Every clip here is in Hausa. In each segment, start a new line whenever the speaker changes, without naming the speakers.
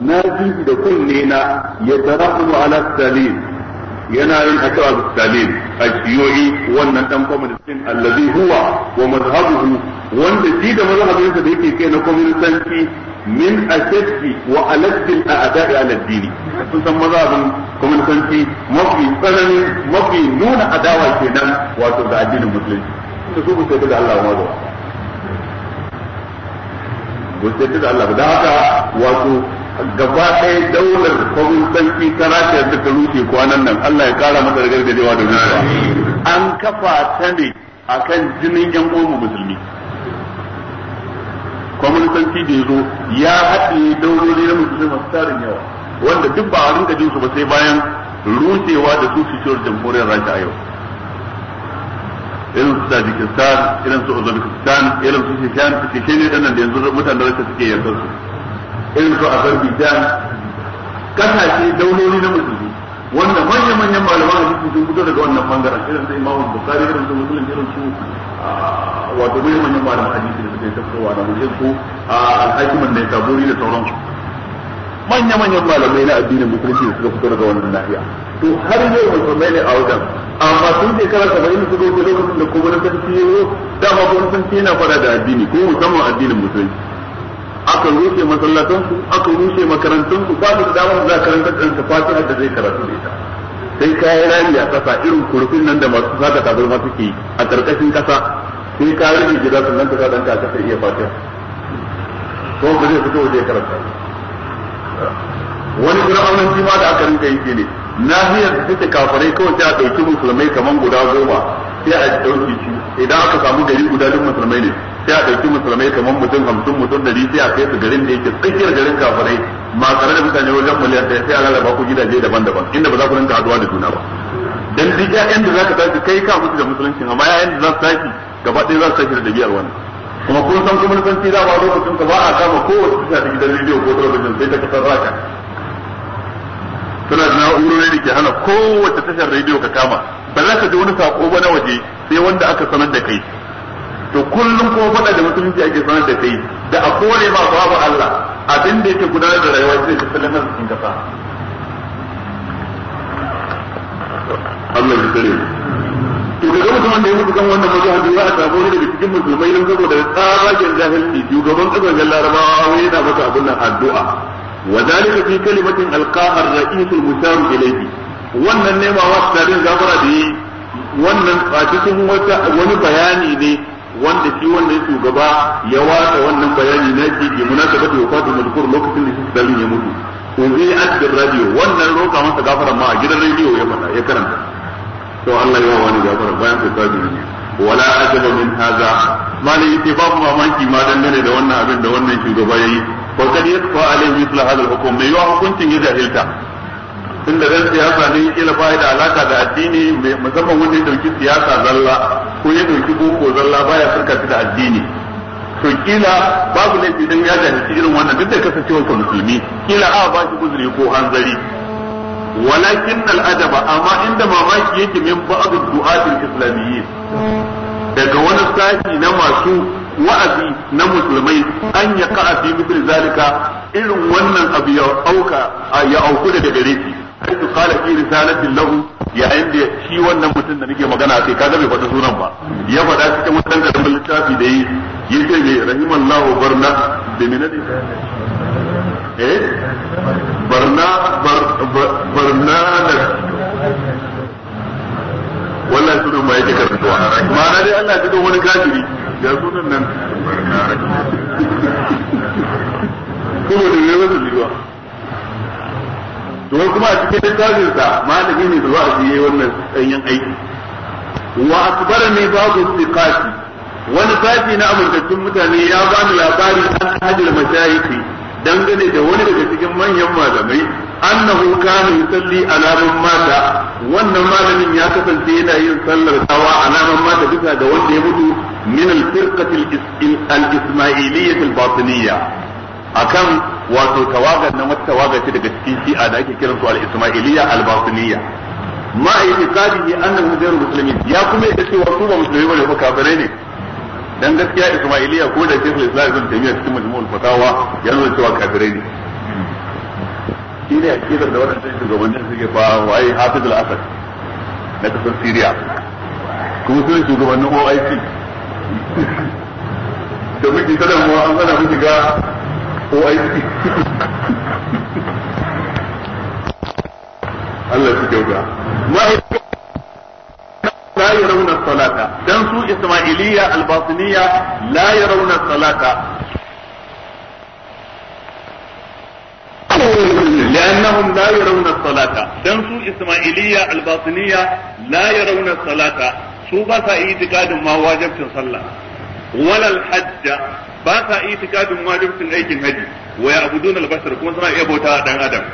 na ji da kunne na ya tarahu ala salim yana yin addu'a ga salim a shiyoyi wannan dan communistin allazi huwa wa mazhabuhu wanda shi da mazhabinsa da yake kai na communistanci min ashaddi wa aladdi al'ada'i ala dini sun san mazhabin communistanci mafi tsanani mafi nuna adawa kenan wato da addinin musulunci da su ba da Allah wa ba sai da Allah ba da haka wato gaba ɗaya daular farin sarki ta rashiyar da ta rushe kwanan nan Allah ya kara masa gargajewa da rushewa an kafa ta ne kan jinin yan uwan musulmi sarki da ya zo ya haɗe daurori na musulmi masu tarin yawa wanda duk ba a rinka jinsu ba sai bayan
rushewa
da su fitowar jamhuriyar rasha a yau irin su tajikistan irin su uzbekistan irin su shishan shishan ne da yanzu mutanen rasha suke yarda su irin su a Azerbaijan kasashe dauloli na musulmi wanda manyan manyan malaman a cikin sun fito daga wannan bangaren irin su Imam bukari irin su musulun irin su ah, wato manyan manyan malaman hadisi da suke tafkowa da mutum ko al-hakimin da Tabori da sauran manya manyan malamai na addinin musulunci da suka fito daga wannan nahiya
to har yau
musulmai ne a wajen amma sun shekara saba'in su zo lokacin da kuma na sanci yau dama kuma sanci yana fara da addini ko musamman addinin musulunci aka rushe masallatansu aka rushe makarantunsu ba su da damar za karanta ɗan ta fatiha da zai karatu da ita sai kayan rami a ƙasa irin kurfin nan da masu saka tabarma suke a ƙarƙashin ƙasa sai kayan rami gida sannan ka sa ɗan ka kasa iya fatiha ko ba zai fito waje karanta wani fir'aunan shi ma da aka rinka yi ne nahiyar da take kafirai kawai sai a ɗauki musulmai kamar guda goma sai a ɗauki shi idan aka samu gari guda duk musulmai ne sai a ɗauki musulmai kamar mutum hamsin mutum ɗari sai a kai su garin da yake tsakiyar garin kafirai ma tare da mutane wajen miliyan ɗaya sai a lalaba ku gidaje daban-daban inda ba za ku rinka haɗuwa da juna ba dan duk ƴaƴan da zaka tashi kai ka mutu da musulunci amma ƴaƴan da za su tashi gaba ɗaya za su tashi da ɗabi'ar wani. kuma kun san kuma san cewa ba lokacin ka ba a kama kowace tasha ta gidan rediyo ko talabijin sai ta kasar raka suna da na'urori da ke hana kowace tashar rediyo ka kama ba za ka ji wani saƙo ba na waje sai wanda aka sanar da kai kullum ko faɗa da musulunci ake sanar da kai da a kore ma babu Allah abin da yake gudanar da rayuwa shi ne tattalin arzikin kasa Allah ya kare to ga ga mutum da ya mutu kan wannan mazhabi ya a samu daga cikin musulmai don saboda tsabagen jahilci shugaban kasashen larabawa wai yana masa abun nan addu'a وذلك في كلمة ألقاها ra'isul المشار ilayhi wannan nema wa tarin zabara da yi wannan a cikin wani bayani ne wanda shi wannan shugaba ya wata wannan bayani na ke ji bi munasabati wafatul mazkur lokacin da shi dalin ya mutu uzi'at bir radio wannan roka masa gafara ma a gidan radio ya fada ya karanta to Allah ya wani gafara bayan sai ta duniya wala ajaba min haza. malai yace babu mamaki ma dangane da wannan abin da wannan shugaba yayi fa kad yakfa alaihi mithla hadha al-hukm mai yawa hukuncin ya jahilta tunda ran siyasa ne kila baya da alaka da addini musamman wanda ya dauki siyasa zalla ko ya dauki boko zalla baya sarka da addini to kila babu laifi dan ya jahilci irin wannan duk da kasancewar sa musulmi kila a ba shi guzuri ko hanzari walakin al'adaba amma inda mamaki yake min ba'd du'atul islamiyyin daga wani sashi na masu wa'azi na musulmai an ya ka'a fi misali zalika irin wannan abu ya auka ya auku daga gare shi haitu kala fi risalatin lahu yayin da shi wannan mutum da nake magana sai kaga bai faɗi sunan ba ya faɗa cikin wannan karamin littafi da yi yace mai rahimallahu barna da minadi eh barna barna wallahi sunan ma yake karantuwa ma'ana dai Allah ya wani kafiri ya sunan nan barna kuma da yawa da yawa to kuma a cikin tasirta, malami ne da wa'azi yi wannan tsayin aiki wa ne ba ku babu kashi wani kashi na amurkacin mutane ya ba bani labari an hajjar mashayiki dangane da wani daga cikin manyan malamai annahu kana yusalli a man mata wannan malamin ya kasance yana yin sallar tawa a man mata bisa ga wanda ya mutu min al al-ismailiyyah al akan wato tawagar na wata tawaga ce daga cikin shi'a da ake kiransu al-ismailiyya al-batiniyya ma itiqadihi zai rubuta muslimin ya kuma yadda cewa su ba musulmi bane ko kafirai ne dan gaskiya ismailiyya ko da shekul islam ibn taymiyyah cikin majmu'ul fatawa ya nuna cewa kafirai ne shi ne akidar da waɗannan shugabannin suke fa waye hafiz al-asad na kasar syria kuma ne shugabannin oic da muke sanar mu an sanar muke shiga Allah su kyauta لا يرون الصلاة دان سو إسماعيلية الباطنية لا يرون الصلاة لأنهم لا يرون الصلاة دان سو إسماعيلية الباطنية لا يرون الصلاة سو بس اعتقاد ما واجبت صلى ولا الحج ba sa itikadin wajibcin aikin haji wa ya'budun al-bashar kuma suna iya bauta dan adam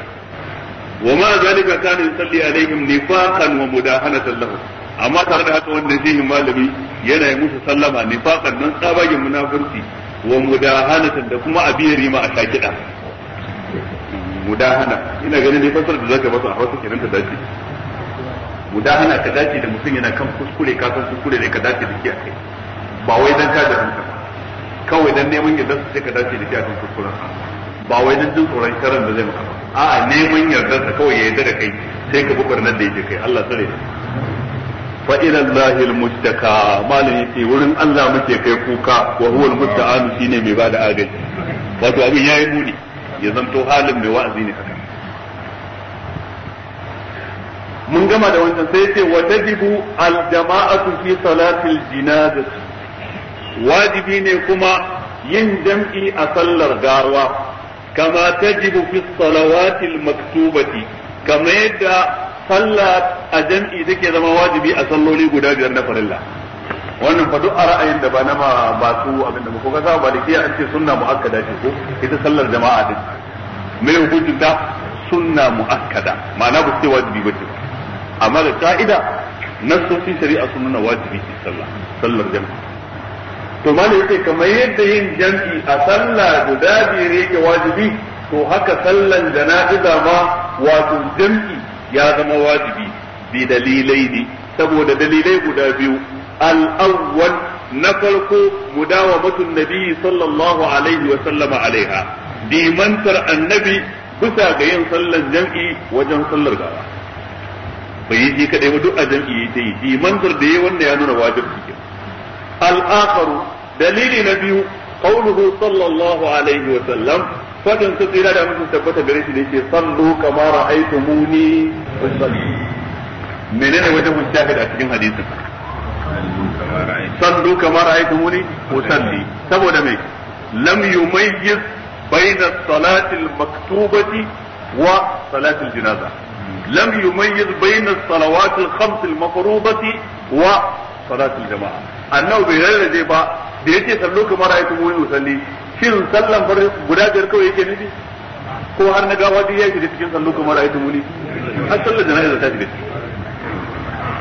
wa ma zalika kana yusalli alaihim nifaqan wa mudahanatan lahum amma tare da haka wanda shehi malami yana yi musu sallama nifaqan nan tsabagen munafurci wa mudahanatan da kuma abiyari ma a shakida mudahana ina ganin dai fasar da zaka basu a hausa kenan ta dace mudahana ka dace da mutum yana kan kuskure ka san kuskure ne ka dace da shi kai ba wai dan ka da hankali kawai dan neman yardarsa su sai ka dace da shi akan kuskuren sa ba wai dan jin tsoron karan da zai maka ba a'a neman yardarsa kawai ya yarda da kai sai ka bi nan da yake kai Allah tsare fa ila Allah almustaka malami ce wurin Allah muke kai kuka wa huwa almusta'anu shine mai bada agaji wato abin yayi muni ya zanto halin mai wa'azi ne haka mun gama da wancan sai ce wa tajibu aljama'atu fi salatil jinazati wajibi ne kuma yin jam'i a sallar gawa kama tajibu fi salawatil maktubati kama yadda sallah a jam'i take zama wajibi a salloli guda biyar na farilla wannan fa duk ra'ayin da ba na ma ba su abin da ko kaga ba da an ce sunna muakkada ce ko ita sallar jama'a din me hukuncin da sunna muakkada ma'ana ba ce wajibi ba ce amma da ka'ida nassosin wajibi sallah sallar jama'a to malai yake kamar yadda yin jam'i a sallah guda biyar yake wajibi to haka sallan jana'iza ma wato jam'i ya zama wajibi bi dalilai ne saboda dalilai guda biyu al-awwal na farko mudawamatun nabi sallallahu alaihi wa sallama alaiha dimantar annabi bisa ga yin sallan jam'i wajen sallar gawa bai yi ji kadai ba duk a jam'i yayi dimantar da yayi wanda ya nuna wajibi kenan al-akharu dalili na biyu qauluhu sallallahu alaihi wa sallam fadin su tsira da mutum tabbata gare shi da yake sallu kama ra'aytumuni usalli menene wajen mustahid a cikin hadisin sallu kama ra'aytumuni usalli saboda me lam yumayyiz bayna salati al-maktubati wa salati al-janaza lam yumayyiz bayna as-salawat al-khams al-mafruḍati wa salati al-jama'a annahu bi ba da yake sallo kamar ayatu yi usalli shin sallan bar guda biyar kawai yake nufi ko har na gawa duk ya da cikin sallo kamar ayatu ni har sallar jana'iza ta shiga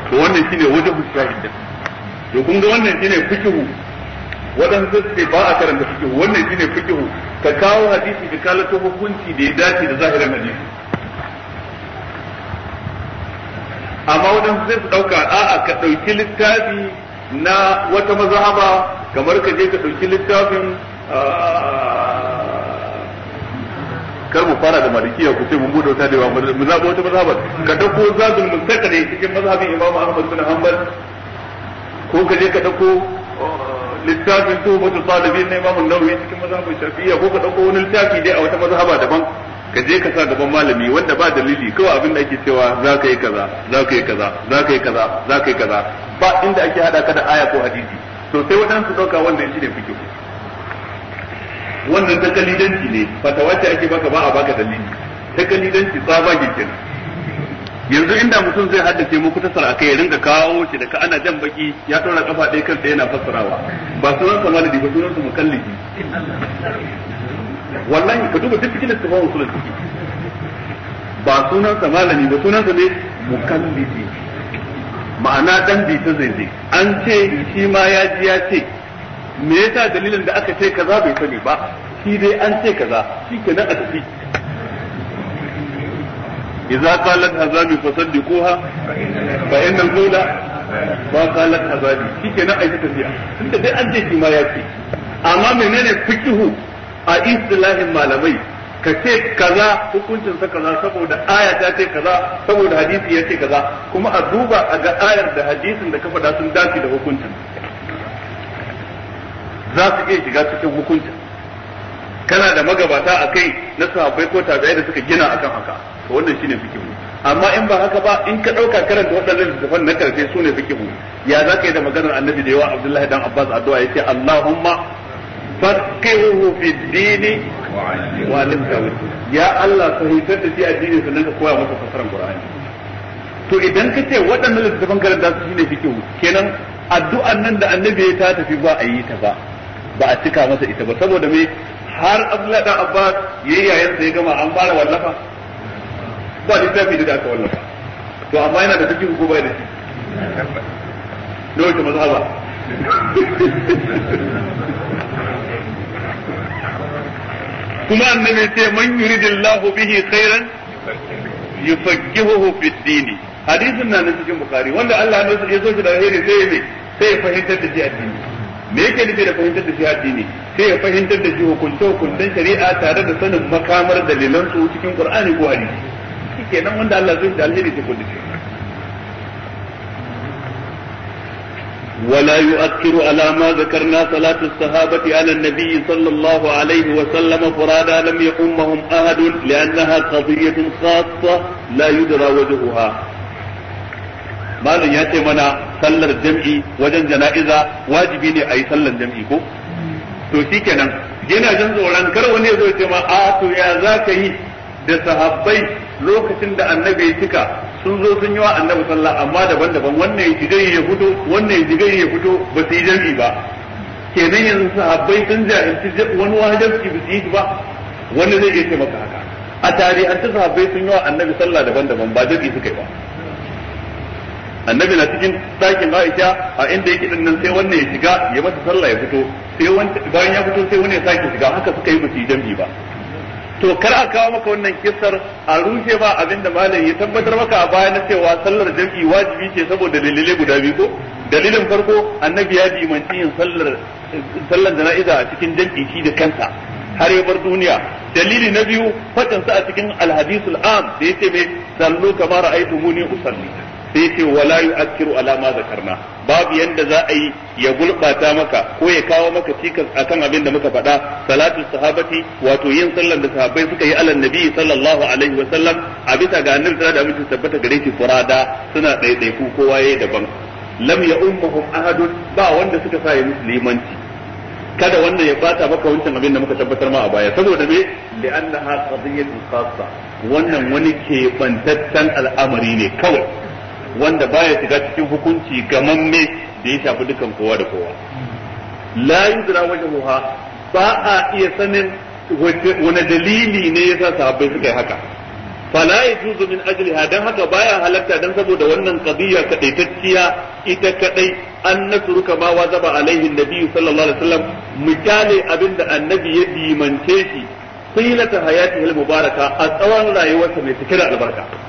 to wannan shine wajen shahid da to kun ga wannan shine fikihu waɗansu sai ba a karanta fikihu wannan shine fikihu ka kawo hadisi ka to hukunci da ya dace da zahirin hadisi amma waɗansu sai su dauka a'a ka ɗauki littafi na wata mazhaba kamar ka je ka ɗauki littafin kar mu fara da malikiya ku ce mun bude wata da yawa mu zaɓa wata mazhabar ka ɗauko su mun saka ne cikin mazhabin imamu ahmad bin hanbal ko ka je ka ɗauko littafin tuhmatu talibin na imamu nawawi cikin mazhabin shafi'iyya ko ka ɗauko wani littafi dai a wata mazhaba daban ka je ka sa gaban malami wanda ba dalili kawai abin da ake cewa za ka yi kaza za ka yi kaza za ka yi kaza za ka yi kaza ba inda ake hada ka da aya ko hadisi to sai waɗansu ɗauka wannan shi ne wannan ta kalidanci ne ta wace ake baka ba a baka dalili ta kalidanci tsaba gikin yanzu inda mutum zai haddace muku tasar akai ya rinka kawo shi da ka ana jan baki ya tona kafa ɗaya kan ɗaya yana fassarawa ba sunan sa malidi ba sunan sa mukallidi wallahi ka duba duk cikin littafin usulul fiqh ba sunan sa malami ba sunan sa ne mukallidi ma'ana dan ta zai zai an ce shi ma ya ji ya ce me yasa dalilin da aka ce kaza bai sani ba shi dai an ce kaza shi ke nan a tafi idza qalat azabi fasaddiquha fa inna al-qawla ba qalat azabi shi ke kenan ai tafiya tunda dai an ce shi ma ya ce amma menene fikihu a istilahin malamai ka ce kaza hukuncin sa kaza saboda aya ta ce kaza saboda hadisi ya ce kaza kuma a duba a ga ayar da hadisin da ka faɗa sun dace da hukuncin za su iya shiga cikin hukuncin kana da magabata a kai na sahabbai ko tabi'ai da suka gina akan haka to wannan shine fikin amma in ba haka ba in ka ɗauka karanta waɗannan littafan na karfe su ne fikin ya za ka yi da maganar annabi da yawa abdullahi dan abbas addu'a yace allahumma faqihuhu fid dini wa alimta ya Allah fahimtar da shi addini sannan ka koya masa fasaran Qur'ani to idan ka ce waɗannan littattafan karanta su shine kyau kenan addu'an nan da annabi ya ta tafi ba a yi ta ba ba a cika masa ita ba saboda me har Abdullah dan Abbas yayi yayan sa ya gama an fara wallafa ba littafi da aka wallafa to amma yana da cikin ko da shi da wata mazhaba kuma annabi ce man yuridillahu bihi khairan yufaqihuhu fid din hadisin nan cikin bukhari wanda Allah ya so shi da alheri sai ya sai ya fahimtar da shi addini me yake nufi da fahimtar da shi addini sai ya fahimtar da shi hukunce hukuncen shari'a tare da sanin makamar dalilan su cikin qur'ani ko hadisi kenan wanda Allah zai da alheri sai kullu ولا يؤخر على ما ذكرنا صلاة الصحابة على النبي صلى الله عليه وسلم فرادا لم يقمهم أحد لأنها قضية خاصة لا يدرى وجهها malam ya ce mana sallar jam'i wajen jana'iza wajibi ne a yi sallar jam'i ko to shi kenan yana tsoron kar wani ya zo ce to ya za ka yi da sahabbai lokacin da annabi ya cika sun zo sun yi wa annabi sallah amma daban-daban wannan ya jigai ya fito wannan ya jigai ya fito ba su yi jami'i ba kenan yanzu sahabbai sun jahilci wani su ba su yi ba wani zai iya ce maka haka a tare an ta sahabbai sun yi wa annabi sallah daban-daban ba jami'i suka yi ba annabi na cikin ɗakin Aisha a inda yake din nan sai wannan ya shiga ya mata sallah ya fito sai wani bayan ya fito sai wani ya sake shiga haka suka yi ba su yi ba to kar a kawo maka wannan kissar a rushe ba abin da malam ya tabbatar maka a baya na cewa sallar jam'i wajibi ce saboda dalilai guda biyu ko dalilin farko annabi ya dimanci yin sallar sallar jana'iza a cikin jam'i shi da kansa har ya bar duniya dalili na biyu fatan sa a cikin alhadisul am da yace mai sallu kamar muni usalli sai ce wala yu'akkiru ala ma zakarna babu yanda za a yi ya gurbata maka ko ya kawo maka cikas akan abin da muka faɗa salatu sahabati wato yin sallar da sahabbai suka yi alal nabi sallallahu alaihi wa sallam a bisa ga annabi da amince tabbata gare shi furada suna ɗaiɗaiku kowa yayi daban lam ya ummuhum ahadun ba wanda suka sa ya limanci. kada wanda ya bata maka wancan abin da muka tabbatar ma a baya saboda me li'annaha qadiyyatun khassa wannan wani ke bantaccen al'amari ne kawai wanda baya shiga cikin hukunci gamamme da ya shafi dukan kowa da kowa la yudra wajhuha ba a iya sanin wani dalili ne yasa sahabbai suka yi haka fala yajuzu min ajliha dan haka baya halatta dan saboda wannan qadiyya kadaitacciya ita kadai an nasruka ma wazaba alaihi nabi sallallahu alaihi wasallam mutane abinda annabi ya dimance shi sai hayati al-mubaraka a tsawon rayuwarsa mai cike da albarka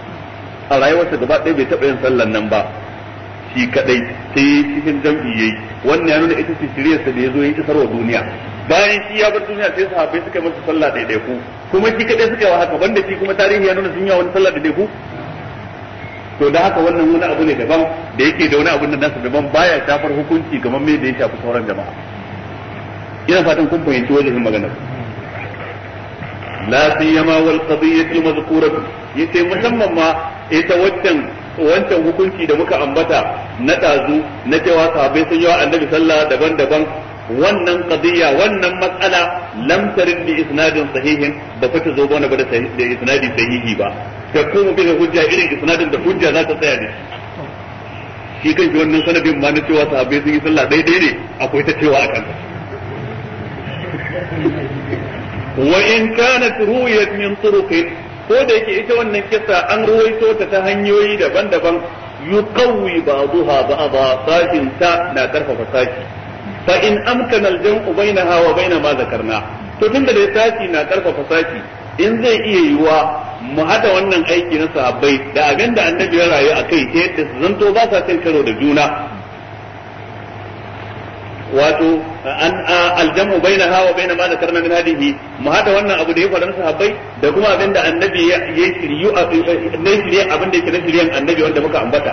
a rayuwarsa gaba ɗaya bai taɓa yin sallan nan ba shi kadai sai cikin jam'i yayi wannan ya nuna ita ce shiriyarsa da ya zo ya isar wa duniya bayan shi ya bar duniya sai sahabbai suka masa sallah ɗaya ku kuma shi kadai suka yi wa haka banda shi kuma tarihi ya nuna sun yi wani sallah ɗaya ku to da haka wannan wani abu ne daban da yake da wani abu da nasu daban baya shafar hukunci kamar me da ya shafi sauran jama'a ina fatan kun fahimci wajen maganar la siyama wal qadiyyah al mazkurah yace musamman ma ita wancan wancan hukunci da muka ambata na ɗazu na cewa sahabbai sun yi wa annabi sallah daban-daban wannan qadiyya wannan matsala lam tarid bi isnadin sahihin ba fa ta zo bana ba da isnadi sahihi ba ta kuma bi hujja irin isnadin da hujja za ta tsaya ne shi kanshi wannan sanadin ma na cewa sahabbai sun yi sallah daidai ne akwai ta cewa akan wa in kanat ruwiyat min turuqin ko da yake ita wannan kisa, an ruwaito ta ta hanyoyi daban-daban yuqawwi ba'daha ba'dha sashin ta na karfafa saki. fa in amkana al-jam'u bainaha wa baina ma zakarna to tunda da saki na karfafa saki, in zai iya yiwa mu hada wannan aiki na sahabbai da abin da annabi ya rayu a kai ta yadda su zanto ba sa cin karo da juna wato an aljamu hawa baina ma da karna min hadihi mu hada wannan abu da ya faɗa sahabbai da kuma abin da annabi ya shiryu ne shirye abin da yake na shiryen annabi wanda muka ambata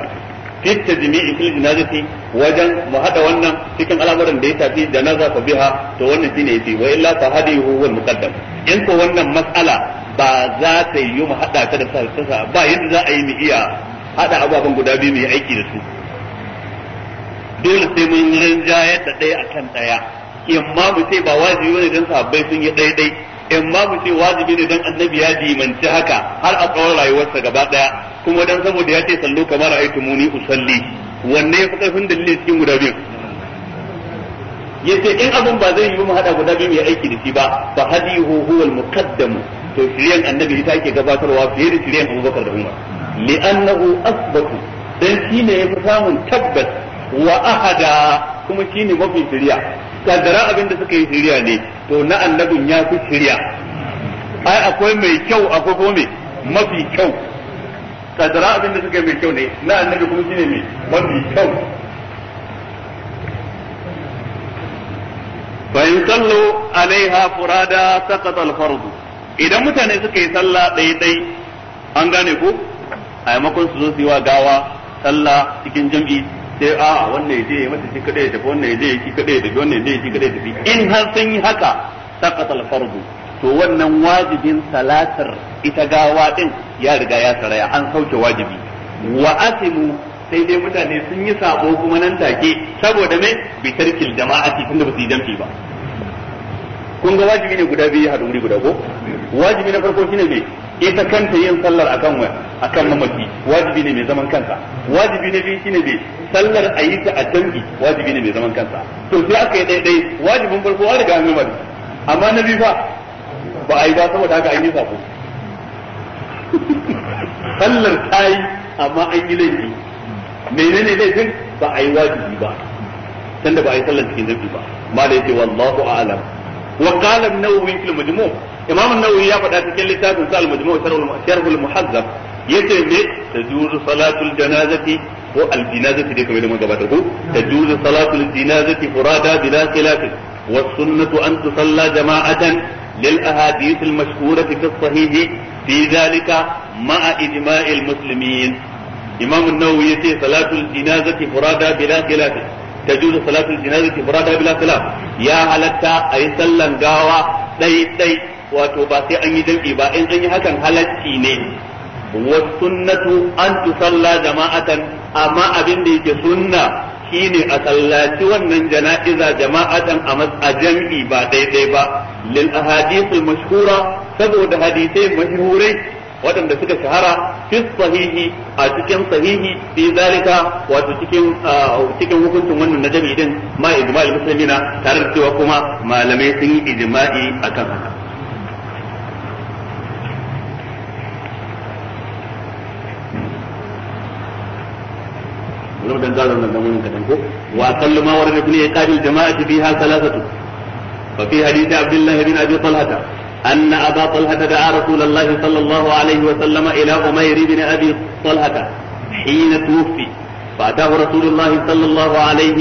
fi tajmi'i fil janazati wajen mu hada wannan cikin al'amuran da ya tafi janaza fa biha to wannan shine yafi wa illa fa hadihu wal muqaddam in ko wannan mas'ala ba za ta yi mu hada ta da sa ba yadda za a yi mu iya hada ababen guda biyu mu yi aiki da su dole sai mun rinjayar da ɗaya akan ɗaya in ma mu ce ba wajibi ne dan sahabbai sun yi daidai in ma mu ce wajibi ne dan annabi ya dimanci haka har a tsawon rayuwarsa gaba daya kuma dan saboda ya ce sallu kamar ra'aytu muni usalli wanne ya fi karfin dalilin cikin guda biyu yace in abin ba zai yi mu hada guda biyu mai aiki da shi ba fa hadihu huwal muqaddam to shirin annabi ita yake gabatarwa fiye da shiryan Abubakar da Umar li'annahu asbatu dan shine fi samun tabbas wa ahada kuma shine mafi shiriya kaddara abin da suka yi shiriya ne to na annabin ya fi shiriya ai akwai mai kyau akwai kuma mai mafi kyau kaddara abin da suka yi mai kyau ne na annabi kuma shine mai mafi kyau bayan sallo alaiha furada sakata alfardu idan mutane suka yi sallah ɗai an gane ko a yamakon su zo su yi wa gawa sallah cikin jam'i sai eh, a wannan ya je ya mata shi kadai ya tafi wannan ya je ya ki kadai ya tafi wannan ya je ya ki kadai ya tafi in har sun yi haka saqatal fardu to wannan wajibin salatar ita gawa din ya riga ya saraya an sauke wajibi wa asimu sai dai mutane sun yi sabo kuma nan take saboda me bi tarkil jama'ati tunda ba su yi jam'i ba kun ga wajibi ne guda biyu haɗu wuri guda ko wajibi na farko shine me ita kanta yin sallar akan wa akan mamaki wajibi ne mai zaman kansa wajibi na biyu shine me sallar a yi ta a jam'i wajibi ne mai zaman kansa to sai aka yi daidai wajibin farko an riga an yi amma na biyu fa ba a yi ba saboda haka an yi sako sallar ta yi amma an yi laifi menene laifin ba a yi wajibi ba tunda ba a yi sallar cikin jam'i ba ma da yake wallahu a'lam wa qala an-nawawi fil majmu' imam an-nawawi ya faɗa cikin littafin sa al-majmu' sharh al-muhazzab yace ne tajuzu salatul janazati ko aljinazati dai kamar da muka gabatar ko ta juzu salatul jinazati furada bila khilaf wa sunnatu an tusalla jama'atan lil ahadith al mashhura fi sahihi fi dhalika ma'a ijma'il muslimin imam an-nawawi yace salatul jinazati furada bila khilaf تجوز صلاة الجنازة فرادى بلا خلاف يا هلتا أي سلن غاوة داي داي واتو باسي أن يدن إباء أن يهكن هلتي نين والسنة أن تصلى جماعة أما أبن sunna سنة shine a sallaci wannan jana'iza jama'atan a jam'i ba daidai ba lil ahadithul mashhura saboda hadisai mashhurai waɗanda suka shahara fi sahihi a cikin sahihi fi zalika wato cikin cikin hukuncin wannan na jami'in ma ijma'ul muslimina tare da kuma malamai sun yi ijma'i akan haka ولو دان قالوا لنا كتنكو وأقل ما ورد ابن عقاب الجماعة فيها ثلاثة ففي حديث عبد الله بن أبي طلحة أن أبا طلحة دعا رسول الله صلى الله عليه وسلم إلى أمير بن أبي طلحة حين توفي فأتاه رسول الله صلى الله عليه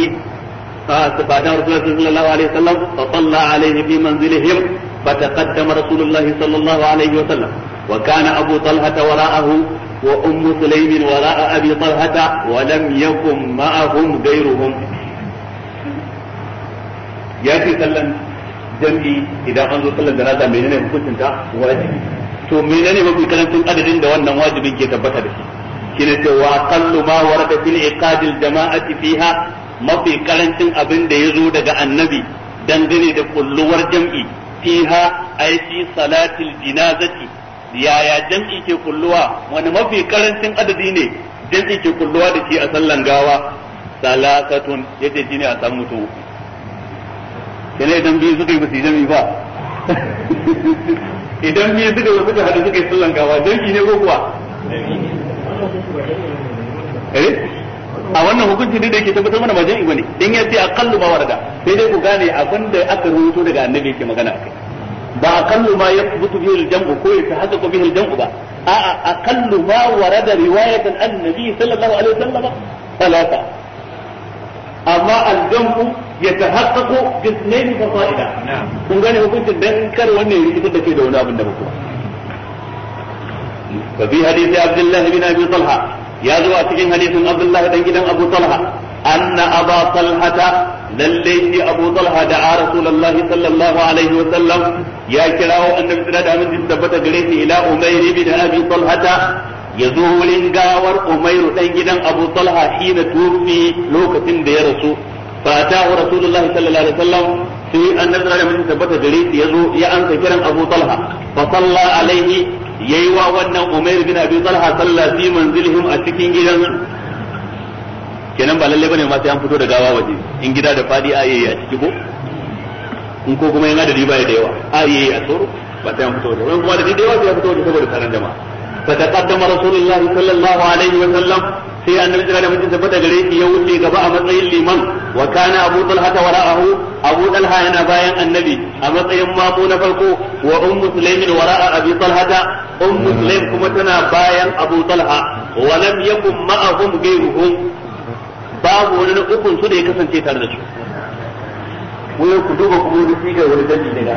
آه، فأتاه رسول الله صلى الله عليه وسلم فصلى عليه في منزلهم فتقدم رسول الله صلى الله عليه وسلم وكان أبو طلحة وراءه وأم سليم وراء أبي طلحة ولم يكن معهم غيرهم يأتي سلم jam'i idan an zo sallar janaza menene hukuncin ta wajibi to menene mafi karancin adadin da wannan wajibin ke tabbata da shi shine cewa qallu ma warada fil iqadil jama'ati fiha mafi karancin abin da zo daga annabi dangane da kulluwar jam'i fiha ay fi salatil janazati yaya jam'i ke kulluwa wani mafi karancin adadi ne jam'i ke kulluwa da ke a sallan gawa yadda yace ne a samu mutum uku kene idan biyu suka yi basu jam'i ba idan biyu suka suka hadu suka yi sallan gawa jam'i ne ko kuwa eh? a wannan hukunci ne da ke tabbatar mana ba jam'i bane dan yace aqallu ba warada sai dai ku gane abinda aka
rubuto daga annabi ke magana kai ba akallu ma yathbutu bihi al-jam'u ko yatahaqqaqu bihi al-jam'u ba a'a akallu ma warada riwayatan an-nabi sallallahu alaihi wasallam talata amma al-jam'u yatahaqqaqu bi ithnayn fa
fa'ida kun gane hukuncin dan kar wannan ya rikitar da kai da wani abin da ba ku fa bi hadisi abdullah bin abi talha ya zo a cikin hadithin abdullah dan gidan abu talha anna aba talhata lalle shi Abu Talha da a Rasulullahi sallallahu alaihi wa sallam ya kirawo annabi tsira da aminci tabbata gare shi ila Umayr ibn Abi Talha ya zo wurin gawar Umayr dan gidan Abu shi na tufi lokacin da ya rasu fa wa Rasulullahi sallallahu alaihi wa sallam sai annabi tsira da aminci tabbata gare shi ya zo ya ansa kiran Abu Talha fa salla alaihi yayi wa wannan Umayr bin Abi Talha sallati manzilihim a cikin gidan kenan ba lalle bane ma sai an fito da gawa waje in gida da fadi a yayi a ciki ko in ko kuma yana da riba da yawa a yayi a tsoro ba sai an fito da wani kuma da da yawa sai an fito da saboda tsaron jama'a fa taqaddama rasulullahi sallallahu alaihi wa sallam sai annabi jira da mutum fada gare shi ya wuce gaba a matsayin liman wa kana abu talha ta wara'ahu abu talha yana bayan annabi a matsayin na farko wa ummu sulaimin wara'a abi talha ummu sulaim kuma tana bayan abu talha wa lam yakun ma'ahum ghayruhum babu wani na ukun su da ya kasance tare da su wani ku duba kuma wani sigar wani dangi ne da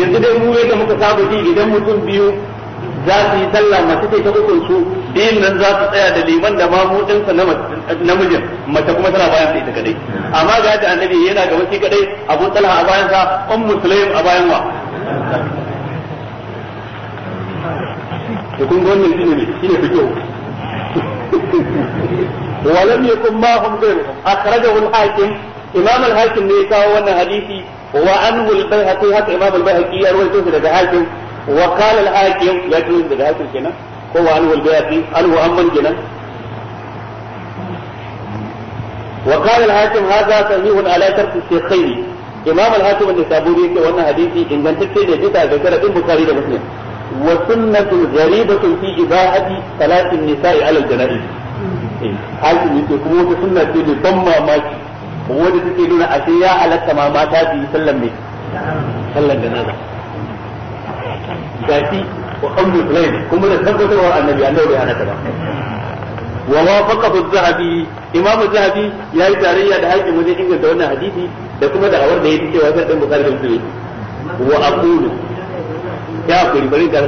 yanzu dai mu yadda muka saba ji idan mutum biyu za su yi sallah masu ce ta ukun su biyun nan za su tsaya da liman da na mijin mace kuma tana bayan sa ita kadai amma ga yadda annabi yana gaba shi kadai abu talha a bayan sa um musulaim a bayan wa to kun ne ne shi ne shine ولم يكن معهم غيرهم أخرجه الحاكم إمام الحاكم ليكا
وانا حديثي وعنه البيهقي هات إمام البيهقي يروي توفي الحاكم وقال الحاكم يا توفي لدى حاكم كنا هو عنه البيهقي عنه أمن جنا وقال الحاكم هذا صحيح على ترك الشيخين إمام الحاكم النسابوري يقول وانا حديثي إن كنت تجد جدا ذكر بخاري ومسلم
وسنة غريبة في إباحة ثلاث النساء على الجنائز hakimi yake kuma wata sunna ce mai ban mamaki wanda take nuna a sai ya halatta
ma mata su yi sallan mai sallan janaza gashi wa qawlu sulaim kuma da tabbatarwa annabi annabi bai halatta ba wa wafaqahu az-zahabi imamu zahabi yayi tarayya da hakim wajen inganta wannan hadisi da kuma da awar da yake cewa sai dan bukhari da muslim wa aqulu ya kuri bari da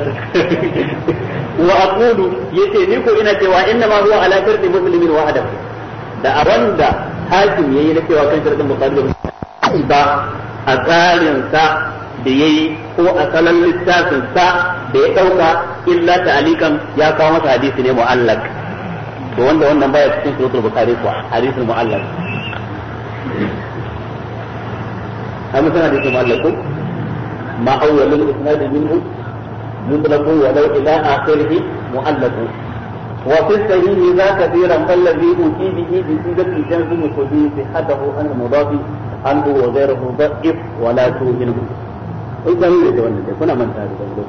wa aqulu yace ni ko ina cewa inna ma huwa ala sharti muslimin wa adam da abanda hakim yayi na cewa kan shartin bukhari ba a tsarin sa da yayi ko a salon littafin sa da ya dauka illa ta'alikan ya kawo masa hadisi ne mu'allaq to wanda wannan baya cikin suratul bukhari ko hadisul mu'allaq amma sana hadisul mu'allaq ma awwalul isnad minhu مطلق ولو إلى آخره مؤلف وفي الصحيح ذا كثيرا فالذي أوتي به بسيدة الجنس يقضي صحته أن المضاف عنه وغيره ضعف ولا توهنه. إذا إيه كنا من هذا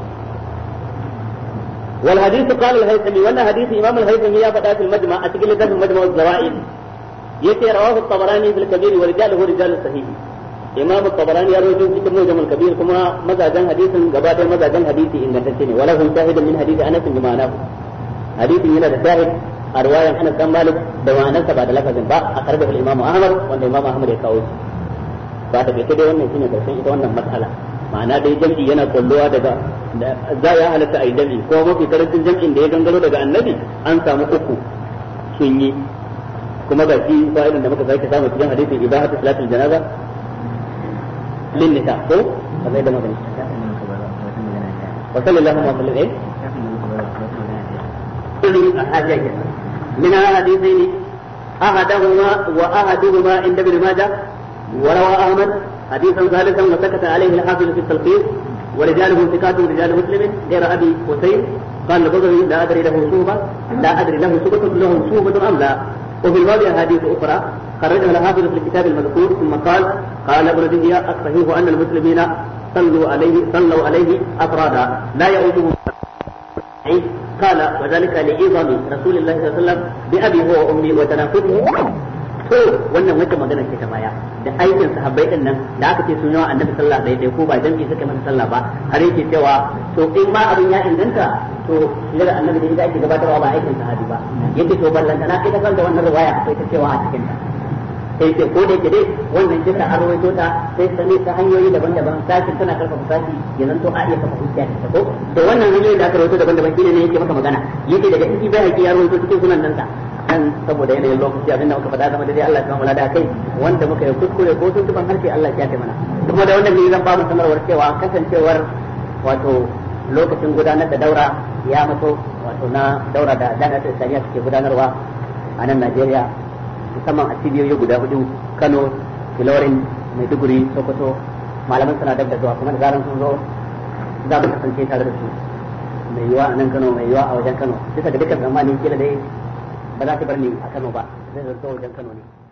والحديث قال الهيثمي وأن حديث امام الهيثمي يا فتاة المجمع اتقل ذات المجمع الزوائد يتي رواه الطبراني في الكبير ورجاله رجال صحيح imam tabarani ya rawaito cikin mujam kabir kuma mazajen hadisin gaba ɗaya mazajen hadisi ingantacce ne wala hum shahidun min hadisi anas bi ma'anahu hadisin yana da shahid a riwayan anas dan malik da ma'anarsa ba da lafazin ba a karbe al imam ahmad wanda imam ahmad ya kawo shi ba da kai dai wannan shine karshen ita wannan matsala. ma'ana dai jam'i yana kullowa daga za ya halatta a yi jam'i ko mafi karancin jam'in da ya gangaro daga annabi an samu uku sun yi kuma ga shi fa'idan da muka sake samu cikin hadisin ibahatu salatul janaza للنساء قل فزيد مدني وصل اللهم وسلم ايه؟ من الحديثين احدهما واحدهما عند ابن ماجه وروى احمد حديثا ثالثا وسكت عليه الحافظ في التلخيص ورجاله ثقات رجال مسلم غير ابي حسين قال البغوي لا ادري له صوبة لا ادري له صوبة لهم صوبة ام لا وفي الباب احاديث اخرى خرجها الحافظ في الكتاب المذكور ثم قال قال ابن دنيا الصحيح ان المسلمين صلوا عليه صلوا عليه افرادا لا يؤذهم قال وذلك لعظم رسول الله صلى الله عليه وسلم بابي هو وامي وتنافسه to wannan wata magana ce ta baya da aikin sahabbai din nan da aka ce sun yawa annabi sallah da yake ko ba dangi suka masa sallah ba har yake cewa to in ma abin ya inganta to shigar annabi da yake gabatarwa ba aikin sahabi ba yake to ballan da na kai da wannan riwaya akwai ta cewa a cikin ta sai ce ko da yake dai wannan kisa an rawaito ta sai sani ta hanyoyi daban-daban sakin tana karfafa sashi ya zanto a iya kafa hujja da ko da wannan hanyoyin da aka rawaito daban-daban shine ne yake maka magana yake daga ciki bai haƙi ya rawaito cikin sunan nan ta dan saboda yanayin lokaci abin da muka fada zama da dai Allah ya samu lada kai wanda muka yi kuskure ko sun tuban harshe Allah ya kai mana kuma da wannan ne zan ba mu sanarwar cewa kasancewar wato lokacin gudanar da daura ya mato wato na daura da ta Islamiyya suke gudanarwa a nan Najeriya musamman a cibiyoyi guda hudu Kano mai Maiduguri Sokoto malaman suna dab da zuwa kuma da zaran sun zo za mu kasance tare da su mai yiwa a nan Kano mai yiwa a wajen Kano duka da dukkan zamani kila dai ba za ta bar ni a Kano ba zai zarto wajen Kano ne